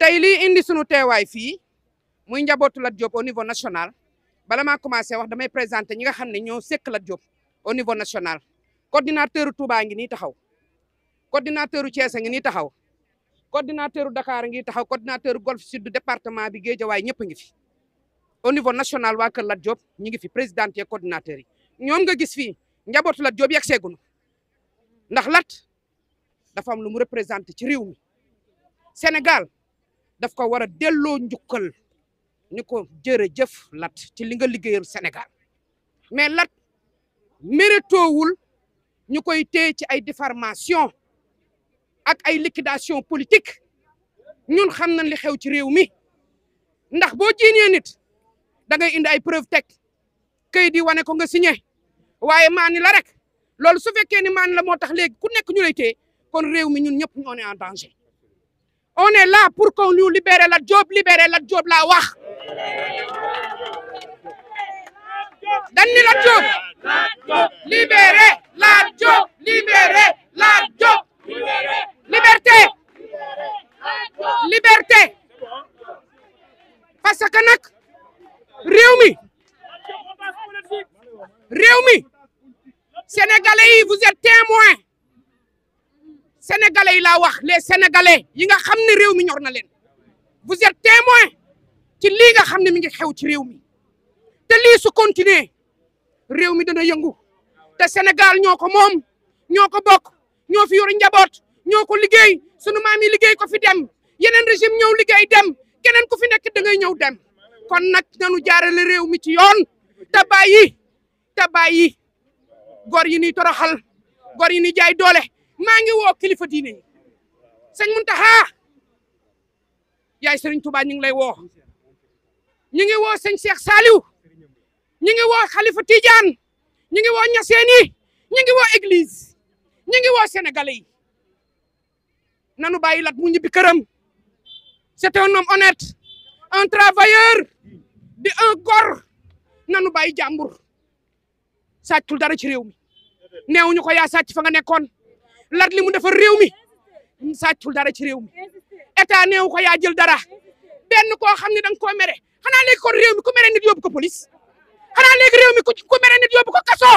tey lii indi sunu teewaay fii muy njabootu Lat Diop au niveau national bala maa commencé wax damay présenté ñi nga xam ne ñoo sekk Lat Diop au niveau national coordinateur u ngi nii taxaw coordinateur u ngi nii taxaw coordinateur u Dakar ngi taxaw coordinateur u Golf Sud département bi Guédiawaye ñëpp ngi fi au niveau national waa kër Lat Diop ñu ngi fi présidente yeeg coordinateur yi ñoom nga gis fii njabootu Lat Diop yegg seegunu ndax Lat dafa am lu mu représenté ci réew mi Sénégal daf ko war a delloo njukkal ni ko jërëjëf Lat ci li nga liggéeyal Sénégal mais Lat méritoowul ñu koy téye ci ay déformation ak ay liquidation politique ñun xam na ni xew ci réew mi ndax boo jiinee nit da ngay indi ay preuve teg kayit yi wane ko nga signé waaye maani la rek loolu su fekkee ni maani la moo tax léegi ku nekk ñu lay téye kon réew mi ñun ñëpp ñoo ne en danger on est là pour qu'on nous libère Lat Diop libérer Lat Diop laa wax dañ ni Lat Diop libérer Lat Diop libérer Lat Diop liberté liberté parce que nag réew mi réew mi vous êtes témoins sénégalais yi laa wax le senegale yi nga xam ne réew mi ñor na leen vous êtes témoin ci lii nga xam ne mi ngi xew ci réew mi te lii su continuer réew mi dana yëngu te senegal ñoo ko moom ñoo ko bokk ñoo fi yor njaboot ñoo ko liggéey sunu maam yi liggéey ko fi dem yeneen régime ñëw liggéey dem keneen ku fi nekk da ngay ñëw dem kon nag nanu jaarale réew mi ci yoon te bàyyi te bàyyi gor yi ni toroxal gor yi ni jaay doole maa ngi woo kilifa diine yi sëñ Muntaxa yaay sëriñ Tuubaa ñu ngi lay woo ñu ngi woo sëñ Cheikh Saliou ñu ngi woo xalifa Tidiane ñu ngi ñu ngi woo église ñu ngi woo sénégalais yi nanu bàyyi lat mu ñibbi këram c'est un homme honnête un travailleur di un góor nanu dara ci réew mi neewuñu ko yaa sàcc fa nga nekkoon lat li mu defar réew mi sàccul dara ci réew mi état néew ko yaa jël dara benn ko xam ne da nga koo mere xanaa léegi réew mi ku mere nit yóbbu ko police xanaa léegi réew mi ku mere nit yóbbu ko kaso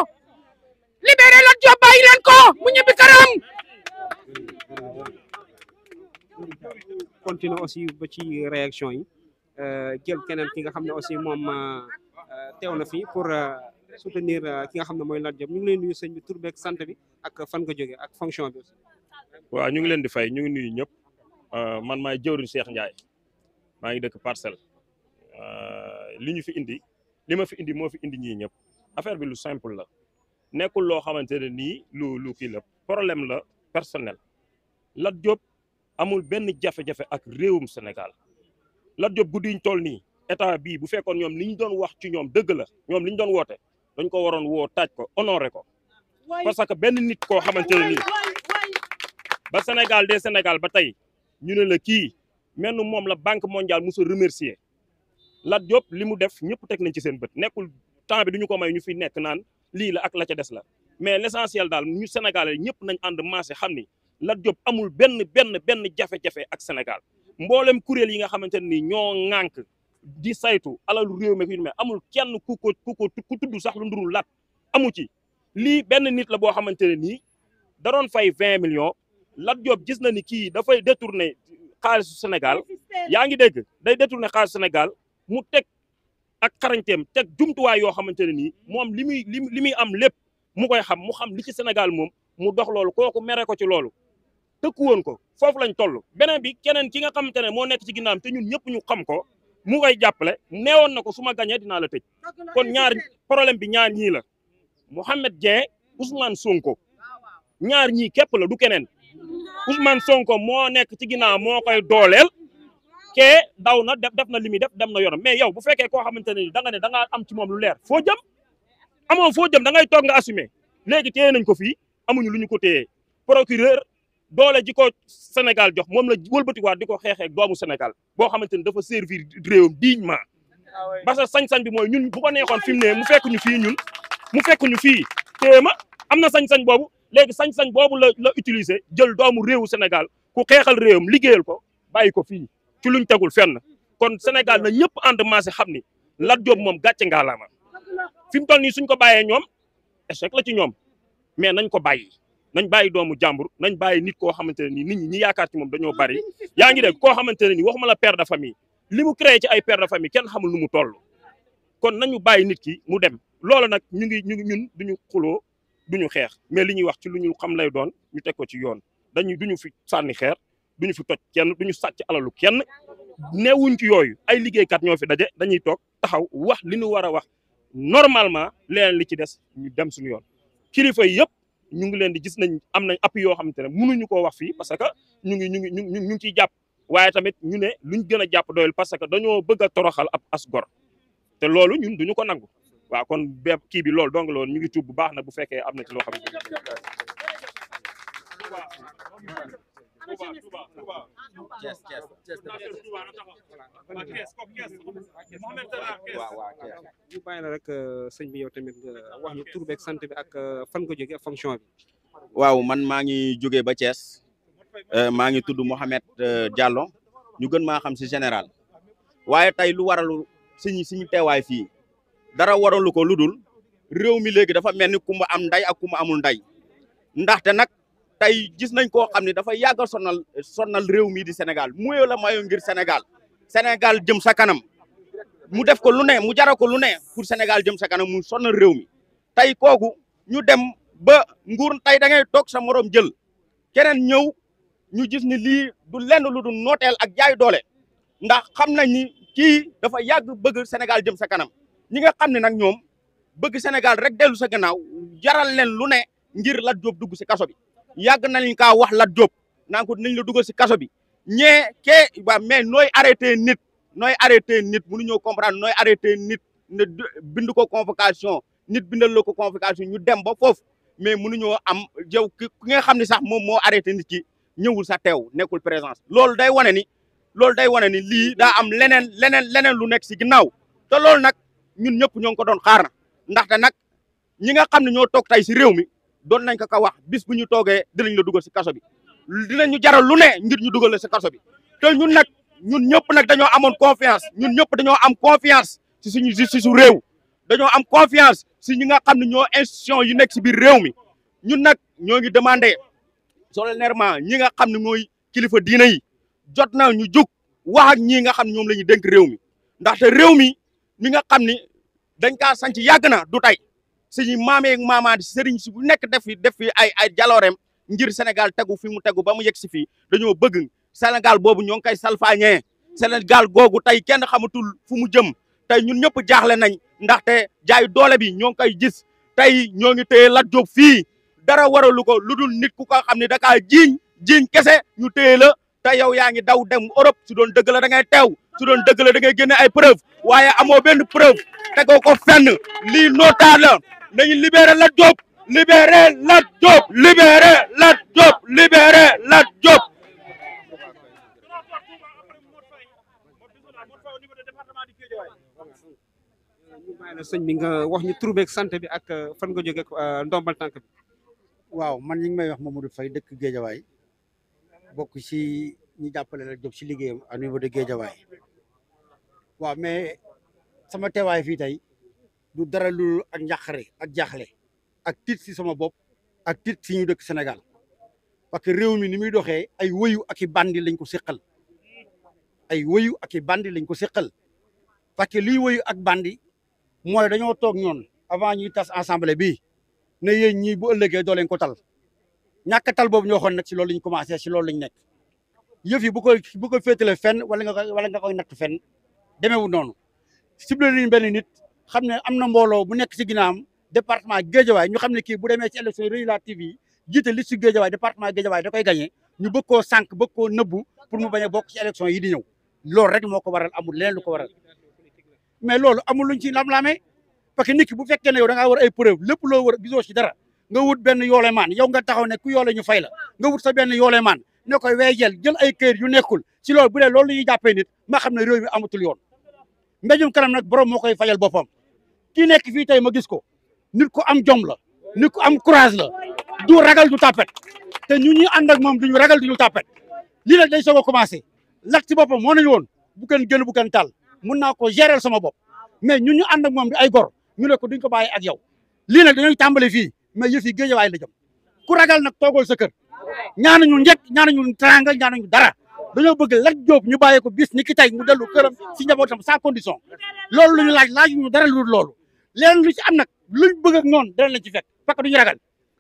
libéré Lat Diop bàyyi leen ko mu ñibbi këram. aussi ba ci réaction yi euh, jël keneen ki nga xam ne aussi moom euh, teew na fi pour. Euh, soutenir euh, ki nga xam na mooy Lat Diop ñu ngi leen nuyu sëñ bi tur beeg sant bi ak fan nga jógee ak fonction bi waaw ñu ngi leen di fay ñu ngi nuyu ñëpp euh, man maay jëwriñ Cheikh Ndiaye maa ngi dëkk parcelle euh, li ñu fi indi li ma fi indi moo fi indi ñii ñëpp affaire bi lu simple la nekkul loo xamante ne nii lu lu kii la problème la personnel Lat Diop amul benn jafe-jafe ak réewum senegal Lat Diop guddi ñu toll nii état bi bu fekkoon ñoom li ñu doon wax ci ñoom dëgg la ñoom li ñu doon woote dañ ko waroon woo taaj ko honoré ko parce que benn nit koo xamante ne nii ba senegal de senegal ba tey ñu ne la kii mel ni moom la banque mondiale musu remercier Lat Diop li mu def ñëpp teg nañ ci seen bët nekkul temps du duñu ko may ñu fi nekk naan lii la ak la ca des la mais l'essentiel daal ñu Sénégalais ñëpp nañ ànd maase xam ni Lat Diop amul benn benn benn jafe-jafe ak senegal mboolem kuréel yi nga xamante ne nii ñoo ŋànk di saytu alalu réew mi ak yu mel amul kenn ku ko ku ku tudd sax lu ndurul lat amu ci lii benn nit la boo xamante ne nii da fay vingt million Lat Diop gis na ni kii dafay détourner xaalisu Sénégal yaa ngi dégg day détourner xaalisu Sénégal mu teg ak xarañteem teg jumtuwaay yoo xamante ne nii moom li muy li muy am lépp mu koy xam mu xam li ci Sénégal moom mu dox loolu kooku mere ko ci loolu tëkkuwoon ko foofu lañ toll beneen bi keneen ki nga xamante ne moo nekk ci ginnaam te ñun ñëpp ñu xam ko mu koy jàppale neewoon na ko suma ma gañee dinaa la tëj kon ñaar problème bi ñaar ñii la Mouhamed Dieng Ousmane Sonko ñaar ñii képp la du keneen Ousmane Sonko moo nekk ci ginnaaw moo koy dooleel kee daw na def def na li muy def dem na yoram mais yow bu fekee koo xamante ne da nga ne da am ci moom lu leer foo jëm amoo foo jëm da ngay toog nga assumer léegi téye nañ ko fii amuñu lu ñu ko téye procureur doole ji ko Sénégal jox moom la wëlbatiwaat di ko xeexee doomu Sénégal boo xamante ni dafa servir réewam dignement parce que sañ-sañ bi mooy ñun bu ko neexoon fi ne mu fekk ñu fi ñun mu fekk ñu fii téema am na sañ boobu léegi sañ-sañ boobu la la utiliser jël doomu réewu Sénégal ku xeexal réewam liggéeyal ko bàyyi ko fii ci luñ tegul fenn kon Sénégal na ñëpp ànd maase xam ni Lat Diop moom gàcce ngaalaama fi mu toll nii suñ ko bàyyee ñoom échec la ci ñoom mais nañ ko bàyyi nañ bàyyi doomu jàmbur nañ bàyyi nit koo xamante ne nii nit ñi ñi yaakaar ci moom dañoo bari yaa ngi dégg koo xamante ne nii waxuma la père de famille li mu créé ci ay père de famille kenn xamul nu mu toll kon nañu bàyyi nit ki mu dem loolu nag ñu ngi ñu ngi ñun duñu xuloo duñu xeex mais li ñuy wax ci lu ñu xam lay doon ñu teg ko ci yoon dañuy duñu fi sànni xeer duñu fi toj kenn duñu sàcc alalu kenn neewuñ ci yooyu ay liggéeykat ñoo fi daje dañuy toog taxaw wax li ñu war a wax normalement leneen li ci des ñu dem suñu yoon kilifa yëpp ñu ngi leen di gis nañ am nañ appui yoo xamante ne mënuñu koo wax fii parce que ñu ngi ñu ngi ñu ngi ciy jàpp waaye tamit ñu ne luñ gën a jàpp doyul parce que dañoo bëgg toroxal ab as te loolu ñun duñu ko nangu waaw kon bépp kii bi loolu dong loolu ñu ngi tuub bu baax nag bu fekkee am na ci loo xamante Touba Touba Touba. Thiès Thiès Thiès sëñ bi yow tamit euh, wax ñu tur sant bi ak euh, fan nga jógee fonction waaw man maa ngi jógee ba Thiès euh, maa ngi tudd Mouhamed Diallo ñu gën maa xam si général waaye tey lu waralu suñu suñu teewaay fii dara waralu ko lu dul réew mi léegi dafa mel ni kumba am nday a kumba amul nday ndaxte nag. tey gis nañ koo xam ne dafa yàgg a sonal sonal réew mii di Sénégal muyoo la mayo ngir Sénégal Sénégal jëm sa kanam mu def ko lu ne mu jara ko lu ne pour Sénégal jëm sa kanam mu sonal réew mi tey kooku ñu dem ba nguur tey da ngay toog sa morom jël keneen ñëw ñu gis ni lii du lenn lu du nooteel ak jaay doole ndax xam na ni kii dafa yàgg bëgg Sénégal jëm sa kanam ñi nga xam ne nag ñoom bëgg Sénégal rek dellu sa gannaaw jaral leen lu ne ngir la Diop dugg si kaso bi yàgg nañ kaa wax la Diop naan ko dinañ la dugal si kaso bi ñee kee ba mais nooy arrêté nit nooy arrêté nit mënuñoo comprendre nooy arrêté nit ne bind ko convocation nit bindal la ko convocation ñu dem ba foofu mais mënuñoo am yow ki nga xam ne sax moom moo arrêté nit ki ñëwul sa teew nekkul présence loolu day wane ni loolu day wane ni lii daa am leneen leneen leneen lu nekk si ginnaaw te loolu nag ñun ñëpp ñoo ngi ko doon xaar na ndaxte nag ñi nga xam ne ñoo toog tey si réew mi doon nañ ko ko wax bis bu ñu toogee dinañ la dugal si kaso bi dinañ jaral lu ne ngir ñu dugal la si kaso bi te ñun nag ñun ñëpp nag dañoo amoon confiance ñun ñëpp dañoo am confiance si suñu justice su réew dañoo am confiance si ñi nga xam ne ñoo institution yu nekk si biir réew mi ñun nag ñoo ngi demandé solennellement ñi nga xam ne mooy kilifa diina yi jot na ñu jug wax ak ñii nga xam ne ñoom la ñuy dénk réew mi ndaxte réew mi mi nga xam ni dañ kaa sanc yàgg na du tey suñu maamee ak maamaati sëriñ si bu nekk def fi def fi ay ay ngir Sénégal tegu fi mu tegu ba mu yegg si fii dañoo bëgg Sénégal boobu ñoo ngi koy salfaañee Sénégal googu tey kenn xamatul fu mu jëm tey ñun ñëpp jaaxle nañ ndaxte jaay doole bi ñoo ngi koy gis tey ñoo ngi téye Lat Diop fii dara waralu ko lu dul nit ku ko xam ne daka kaa jiiñ kese ñu téye la te yow yaa ngi daw dem Europe su doon dëgg la da ngay teew su doon dëgg la da ngay ay preuve waaye amoo benn preuve tegoo ko fenn lii nootaa la nañu libérer Lat Diop libérer Lat Diop libérer Lat Diop libérer Lat Diop may la sëñ bi nga wax ñu tur beeg sant bi ak euh, fan nga jóge euh, ndombal tànk bi waaw man ñi ngi may wax Mamadou Faye dëkk Géejawaay bokk ci ñi jàppale la Diop ci liggéeyam au niveau de Géejawaay waaw mais sama teewaay fii tey du dara lu ak njàqare ak jaaxle ak tiit si sama bopp ak tiit si ñu dëkk senegal parce que réew mi ni muy doxee ay wëyu ak i bandi lañ ko seqal ay wëyu ak i bandi lañ ko seqal parce que liy wëyu ak bandi mooy dañoo toog ñoon avant ñuy tas assemblée bii ne yéen ñii bu ëllëgee doo leen ko tal ñàkk boobu ñoo xoon nag si loolu lañ commencé si loolu lañ nekk yëf yi bu ko bu ko féetale fenn wala nga koy wala nga koy natt fenn demeewu noonu nit xam ne am na mbooloo bu nekk si ginnaawam département Guédiawaye ñu xam ne kii bu demee ci élection législative yi jiite liste si Guédiawaye département Guédiawaye da koy gagné ñu bëgg koo sànq bëgg koo nëbbu pour mu bañ a bokk ci élection yi di ñëw loolu rek moo ko waral amul leneen lu ko waral mais loolu amul luñ ci lam-laamee parce que nit ki bu fekkee ne yow da war ay preuve lépp loo war gisoo ci dara nga wut benn maan yow taxaw ne ku yoole ñu fay la nga wut sa benn yoole maan ne koy weejel jël ay kër yu nekkul si lool bu dee loolu la ñuy jàppee nit ma xam ne réew mi amatul yoon mbéjum kanam nag borom moo koy fajal boppam kii nekk fii tey ma gis ko nit ko am jom la nit ko am courage la du ragal du tàppet te ñu ñuy ànd ak moom duñu ragal ñu tàppet li nag day soog a commencé lak ci boppam moo nañu woon bu kenn jël bu kenn taal mun naa ko gérer sama bopp mais ñu ñu ànd moom di ay gor ñu ne ko duñ ko bàyyi ak yow lii nag dañuy tàmbale fii mais yëf yi géejawaay la jëm ku ragal nag toogal sa kër ñaanuñu njëkk ñaanuñu teraanga ñaanuñu dara dañoo bëgg Lat Diop ñu bàyyi ko bis ni ki tey mu dellu këram si njabootam sans condition loolu lu ñu laaj laaj ñu dara lu loolu leen lu ci am nag luñ bëgg ak noonu dana lañ ci fekk parce que duñu ragal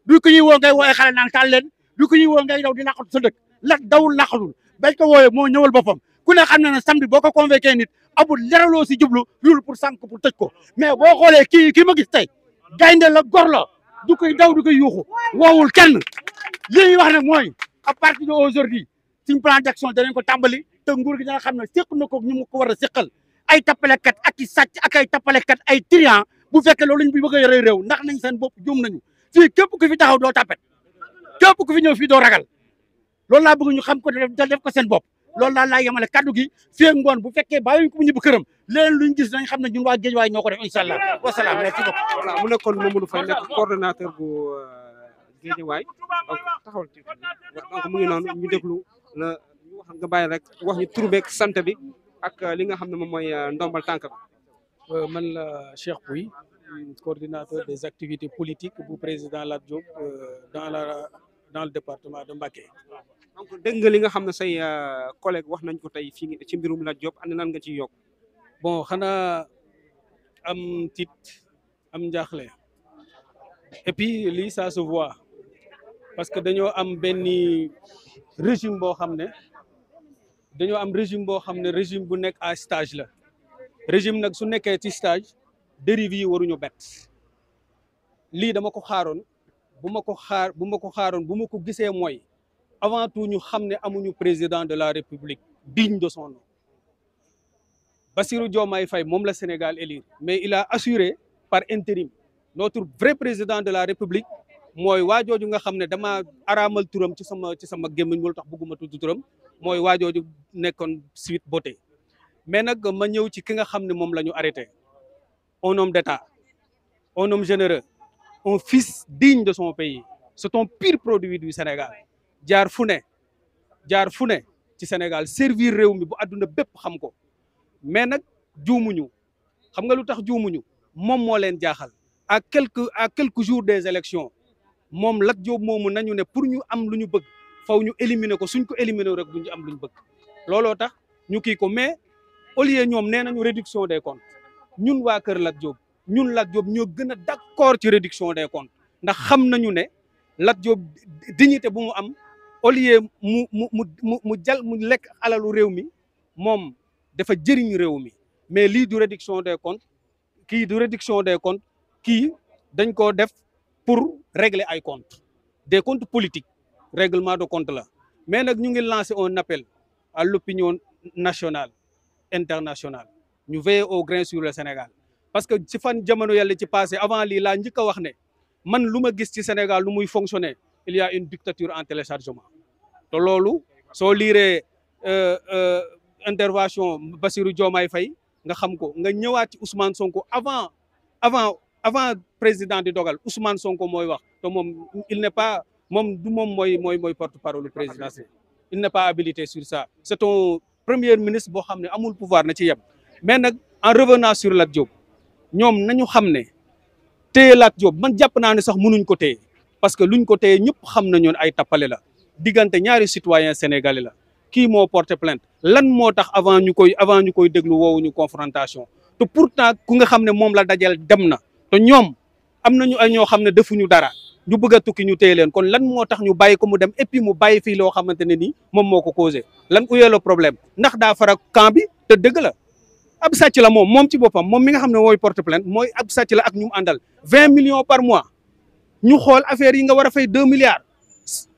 du ko ñuy woo ngay wooye xale naan taal leen du ko ñu woo ngay daw di laqatu sa dëkk Lat dawul laqatul bañ ko wooyee moo ñëwal boppam ku ne xam na ne samedi boo ko convoqué nit amul leraloo si jublu loolu pour sànq pour tëj ko mais boo xoolee kii kii ma gis tey gaynde la gor la du daw du koy yuuxu woowul kenn li ñuy wax nag mooy à partir d'aujourd'hui suñ plan d' action danañ ko tàmbali te nguur gi dana xam ne séq na ko ñu mu ko war a séqal ay tappalekat ak i sàcc ak ay tappalekat ay trian bu fekkee loolu ñu bi bëgg a ndax nañ seen bopp juum nañu fii képp ku fi taxaw doo tappet képp ku fi ñëw fii doo ragal loolu laa bëgg ñu xam ko da def ko seen bopp loolu laa laa yemale kaddu gi fii ak ngoon bu fekkee bàyyiñ ko mu ñibbi këram leneen luñ gis nañ xam ne ñun waa géej waay ñoo ko def incha allah wasalaam merci beaucoup voilà mu nekkoon Mamadou Faye nekk euh, waay donc taxawal ci donc mu ngi noonu déglu na waxam nga bàyyi rek wax ñu tur beeg sant bi ak euh, li nga xam ne moom mooy euh, ndombal tànk euh, man la Cheikh Pouy coordinateur des activités politiques bu président Lat Diop dans la dans le département de Mbacké. donc dégg nga li nga xam ne say collègue wax nañ ko tey fii ci mbirum Lat Diop ana lan nga ci yok bon xanaa am tiit am njaaxle et puis lii ça parce que dañoo am benni régime boo xam ne dañoo am régime boo xam ne régime bu nekk à stage la régime nag su nekkee ci stage dérive yi waruñu bett lii dama ko xaaroon bu ma ko xaar bu ma ko xaaroon bu ma ko gisee mooy avant tout ñu xam ne amuñu président de la république digne de son nom Bassirou Diomaye fay moom la Sénégal élire mais il a assuré par intérim notre vrai président de la république mooy waajooju nga xam ne dama araamal turam ci sama ci sama gémmiñ wala tax bëgguma tudd turam mooy waajooju nekkoon Sweet Beauté mais nag ma ñëw ci ki nga xam ne moom la ñu arrêté un homme d'état un homme généreux un fils digne de son pays c'est un pur produit du Sénégal jaar fu ne jaar fu ne ci Sénégal servir réew mi bu àdduna bépp xam ko mais nag juumuñu xam nga lu tax juumuñu moom moo leen jaaxal à quelques à quelques jours des élections moom Lat Diop moomu nañu ne pour ñu am lu ñu bëgg faw ñu éliminer ko suñ ko éliminer rek duñu am lu ñu bëgg looloo tax ñu kii ko mais au lieu ñoom nee nañu réduction des comptes ñun waa kër Lat Diop ñun Lat Diop ñoo gën a d'accord ci réduction des comptes ndax xam nañu ne Lat Diop dignité bu mu am au lieu mu mu mu mu jal mu lekk alalu réew mi moom dafa jëriñ réew mi mais li du réduction des comptes kii du réduction des comptes kii dañ koo def pour régler ay comptes des comptes politiques réglement de compte la mais nag ñu ngi lancer un appel à l'opinion nationale internationale ñu veiller au grain sur le Sénégal parce que ci fan jamono yàlla ci passé avant lii laa njëkk a wax ne man lu ma gis ci Sénégal lu muy fonctionner il y une dictature en téléchargement te loolu soo liiree euh, euh, intervention Bassirou Diomaye fay nga xam ko nga ñëwaat ci Ousmane Sonko avant avant président di dogal Ousmane Sonko mooy wax te moom il n'est pas moom du moom mooy mooy mooy porte-parole présidentiel il n'est pas habilité sur ça c'est un premier ministre boo xam ne amul pouvoir na ci yem mais nag en revenant sur Lat Diop ñoom nañu xam ne téye Lat Diop man jàpp naa ne sax mënuñ ko téye parce que luñ ko téye ñëpp xam na ñoon ay tappale la digante ñaari citoyen sénégalais la kii moo porté plainte lan moo tax avant ñu koy avant ñu koy déglu woowuñu confrontation te pourtant ku nga xam ne moom la dajal dem na te ñoom am nañu ay ñoo xam ne defuñu dara ñu bëgg a tukki ñu téye leen kon lan moo tax ñu bàyyi ko mu dem et mu bàyyi fii loo xamante ne ni moom moo ko causé lan uyee la problème ndax daa farak camp bi te dëgg la ab sàcc la moom moom ci boppam moom mi nga xam ne mooy porte plainte mooy ab sàcc la ak ñum mu àndal vingt millions par mois ñu xool affaire yi nga war a fay deux milliards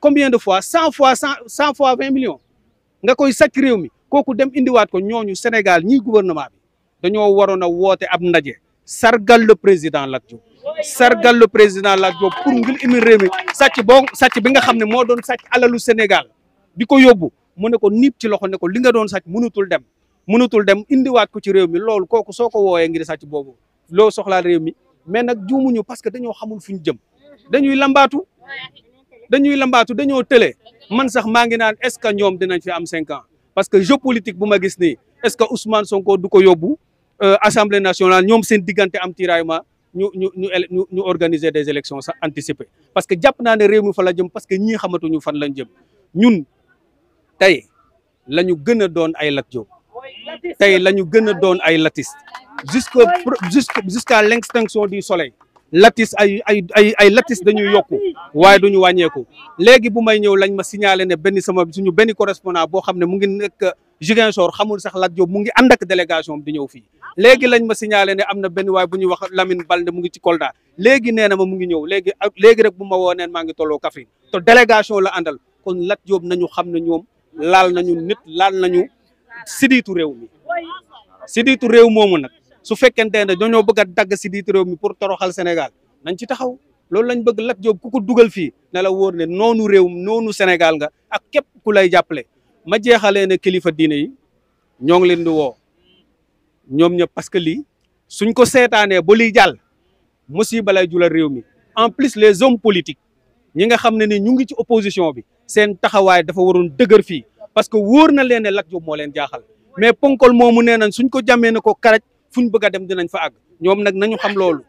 combien de fois cent fois cent cent fois vingt millions nga koy sàcc réew mi kooku dem indiwaat ko ñooñu Sénégal ñii gouvernement bi dañoo waroon a woote ab ndaje sargal le président Lat Diop sargal le président Lat Diop pour ngir imi réew mi sàcc boo sàcc bi nga xam ne moo doon sàcc alalu Sénégal di ko yóbbu mu ne ko niib ci loxo ne ko li nga doon sàcc mënutul dem mënutul dem indiwaat ko ci réew mi loolu kooku soo ko woowee ngir sàcc boobu loo soxlaa réew mi mais nag juumuñu parce que dañoo xamul fu ñu jëm dañuy lambaatu dañuy lambaatu dañoo tële man sax maa ngi naan est-ce que ñoom dinañ fi am cinq ans parce que géopolitique bu ma gis nii est que Ousmane Sonko du ko yóbbu Euh, assemblée nationale ñoom seen diggante am tiraillement ñu ñu ñu ñu organiser des élections sax anticipées parce que jàpp naan ne réew mi fa la jëm parce que ñii xamatuñu fan lañ jëm ñun tey la ñu gën a doon ay Lat Diop tey la ñu gën a doon ay latiste jusque jusqu'à l'extinction du soleil latis ay ay ay ay latis dañuy yokku waaye duñu wàññeeku léegi bu may ñëw lañ ma signalé ne benn sama suñu benn correspondant boo xam ne mu ngi nekk Ziguinchor xamul sax Lat Diop mu ngi ànd ak délégation di ñëw fii léegi lañ ma signalé ne am na benn waay bu ñuy wax bal Balde mu ngi ci Kolda léegi nee na ma mu ngi ñëw léegi léegi rek bu ma woo neen maa ngi toloo Kaffrine te délégation la àndal kon Lat Diop nañu xam ne ñoom laal nañu nit laal nañu sidiitu réew mi sidiitu réew moomu nag su fekkente ne dañoo bëgg a dagg si diit réew mi pour toroxal Sénégal nañ ci taxaw loolu lañ bëgg lak Diop ku ko dugal fii ne la wóor ne noonu réew noonu Sénégal nga ak képp ku lay jàppale ma jeexalee ne kilifa diine yi ñoo ngi leen di woo ñoom ñëpp parce que lii suñ ko seetaanee ba liy jàll musiba lay julal réew mi en plus les hommes politiques ñi nga xam ne ni ñu ngi ci opposition bi seen taxawaay dafa waroon dëgër fii parce que wóor na leen ne Lat Diop moo leen jaaxal mais ponkol moomu nee nañ suñ ko jàmmee na ko karaj fu ñu bëgg a dem dinañ fa àgg ñoom nag nañu xam loolu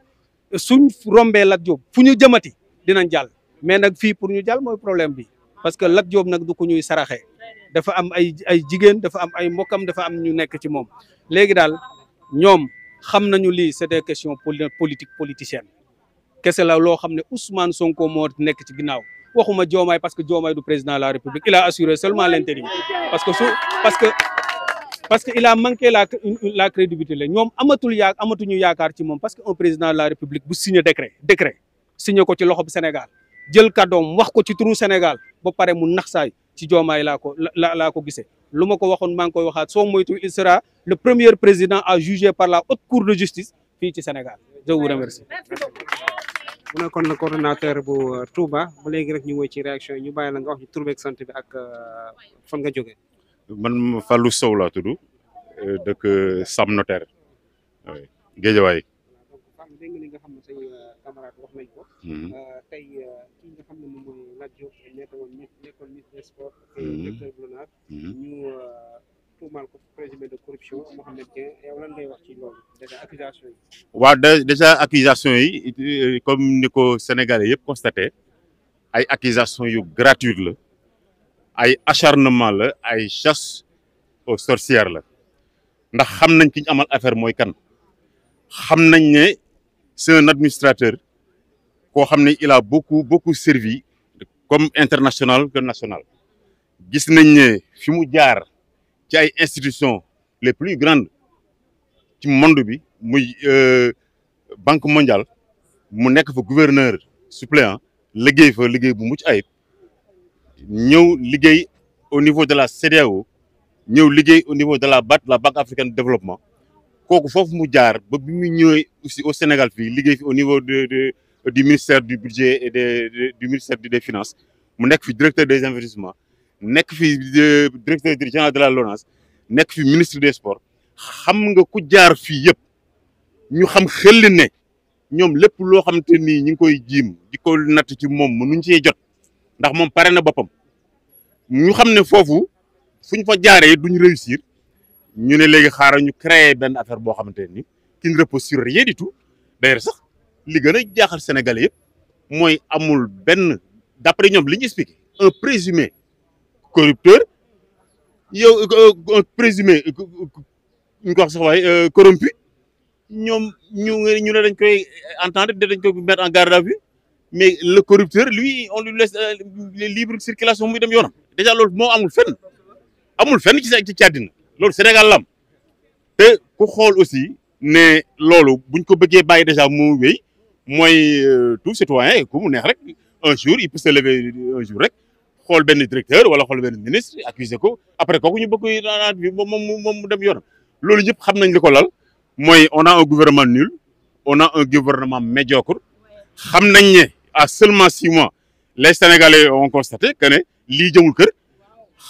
suñ rombee Lat Diop fu ñu jëmati dinañ jàll mais nag fii pour ñu jàll mooy problème bi parce que Lat joob nag du ko ñuy saraxee dafa am ay ay jigéen dafa am ay mbokkam dafa am ñu nekk ci moom léegi daal ñoom xam nañu lii c'est des questions politique politicienne kese la loo xam ne Ousmane Sonko moo nekk ci ginnaaw waxuma Diomaye parce que Diomaye du président de la République il a assuré seulement l'intérim parce que parce que il a manqué la la crédibilité la ñoom amatul yaa amatuñu yaakaar ci moom parce que un président de la république bu signé décret décret signé ko ci loxo bu Sénégal jël kadom wax ko ci turu Sénégal ba pare mu nax saay ci joomaay laa ko la laa ko gisee lu ma ko waxoon maa ngi koy waxaat soo moytu il sera le premier président à juger par la haute cour de justice fii ci Sénégal je vous remercie mu nekkoon la coordonnateur bu euh, Touba ba léegi rek ñu woy ci réaction yi ñu bàyyi la nga wax ñu tur beeg bi ak euh, fan nga jógee man falu Sow laa tudd euh, dëkk euh, Sam Notaire Géejawaay. Euh, ko. Mhm. tey kii nga xam ne moom mooy Lat Diop nekkoon nekkoon ministre des sports. Mhm. directeur bu LONASE. Mhm. ñu wax ci loolu déjà accusation yi. comme ni ko Sénégalais yëpp constaté ay accusation yu gratuite la. ay acharnement la ay chasse aux sorcières la ndax xam nañ ki amal affaire mooy kan xam nañ ne c'est un administrateur koo xam ne il a beaucoup beaucoup servi comme international que national gis nañ ne fi mu jaar ci ay institutions les plus grandes ci monde bi muy euh, banque mondiale mu nekk fa gouverneur suppléant liggéey fa liggéey bu mucc ayib ñëw liggéey au niveau de la CEDEAO ñëw liggéey au niveau de la BAD la Banque africaine de développement kooku foofu mu jaar ba bi mu ñëwee aussi au Sénégal fii liggéey fi au niveau de de du ministère du budget de du ministère des finance mu nekk fi directeur des investissements nekk fi directeur général de la LONASE nekk fi ministre des sports xam nga ku jaar fii yëpp ñu xam xel ne ñoom lépp loo xamante ni ñu ngi koy jiim di ko natt ci moom mënuñ cee jot. ndax moom pare na boppam ñu xam ne foofu fu ñu fa jaaree duñ réussir ñu ne léegi xaaral ñu créer benn affaire boo xamante ne ni qui ne repose sur rien du sax li gën a jaaxal Sénégalais yëpp mooy amul benn d'après ñoom li ñu expliqué un présumé corrupteur yow euh, un présumé euh, ñu ko wax sax waaye euh, corrompu ñoom ñu ne dañ koy entendre dañ koy mettre en garde à vue mais le corrupteur lui on lui laisse euh, libre circulation muy dem yoonam déjà loolu moo amul fenn amul fenn ci sa ci àddina loolu Sénégal la te ku xool aussi ne loolu buñ ko bëggee bàyyi déjà mu wéy mooy euh, tout citoyen ku mu neex rek un jour il peut se lever un jour rek xool benn directeur wala xool benn ministre accuser ko après kooku ñu bëgg naat bi moom moom moom mu dem yoonam loolu ñëpp xam nañ li ko lal mooy on a un gouvernement nul on a un gouvernement médiocre xam nañ ne a seulement six mois les sénégalais ont constaté que ne lii jëmul kër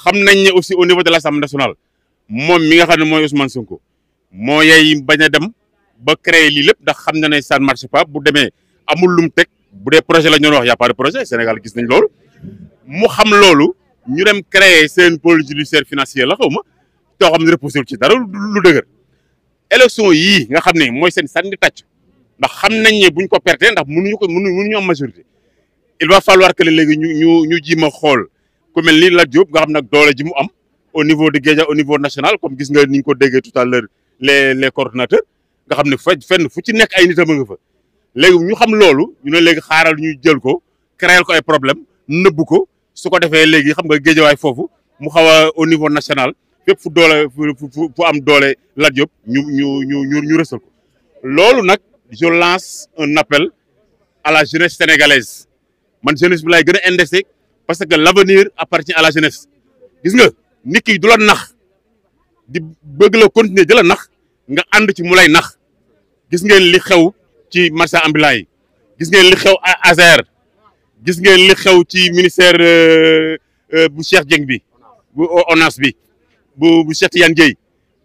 xam nañ ne aussi au niveau de la l'Assemblée nationale moom mi nga xam ne mooy Ousmane Sonko moo yey bañ a dem ba créer lii lépp ndax xam na ne ça ne marche pas bu demee amul lum teg bu dee projet la ñu wax y a pas de projet Sénégal gis nañ loolu mu xam loolu ñu dem créer seen pôle judiciaire financier la xaw ma xam ne reposé ci dara lu dëgër élection yii nga xam ne mooy seen sànni tàcc. ndax xam nañ ne buñ ko perte ndax mënuñu ko mënu mënuñu am majorité il va falloir que léegi ñu ñu ñu jiima xool ku mel ni Lat Diop nga xam nag doole ji mu am au niveau de Guédia au niveau national comme gis nga niñ ko déggee tout à l'heure les les nga xam ne fa fenn fu ci nekk ay nitam a nga fa léegi ñu xam loolu mu ne léegi xaaral ñu jël ko créer ko ay problème nëbb ko su ko defee léegi xam nga géejawaay foofu mu xaw a au niveau national fépp fu doole fu fu am doole Lat ñu ñu ñu ñu ñu rësal je lance un appel à la jeunesse sénégalaise man jeunesse bi laay gën a parce que l' avenir appartient à la jeunesse gis nga nit ki du la nax di bëgg la continuer di la nax nga ànd ci mu lay nax gis ngeen li xew ci marchand ambulant yi gis ngeen li xew à Azer gis ngeen li xew ci ministère euh, euh, bu Cheikh Dieng bi bu ONAS bi bu bu Cheikh Tidiane Dièye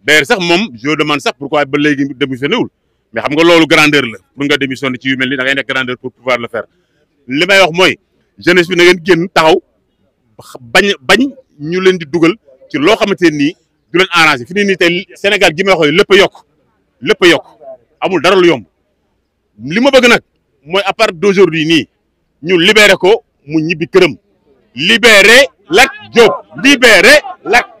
d'ailleurs sax moom je demande sax pourquoi ba léegi démissionné wul mais xam nga loolu grandeur la pour nga démissionner ci yu mel ni da ngay nekk grandeur pour pouvoir le faire li may wax mooy jeunesse bi na ngeen génn taxaw bañ bañ ñu leen di dugal ci loo xamante nii du leen arrangé fi ne nii te Sénégal gi may wax lépp a yokk lépp yokk amul dara lu yomb li ma bëgg nag mooy à part d'aujourd'hui nii ñu libéré ko mu ñibbi këram libéré Lat Diop libéré Lat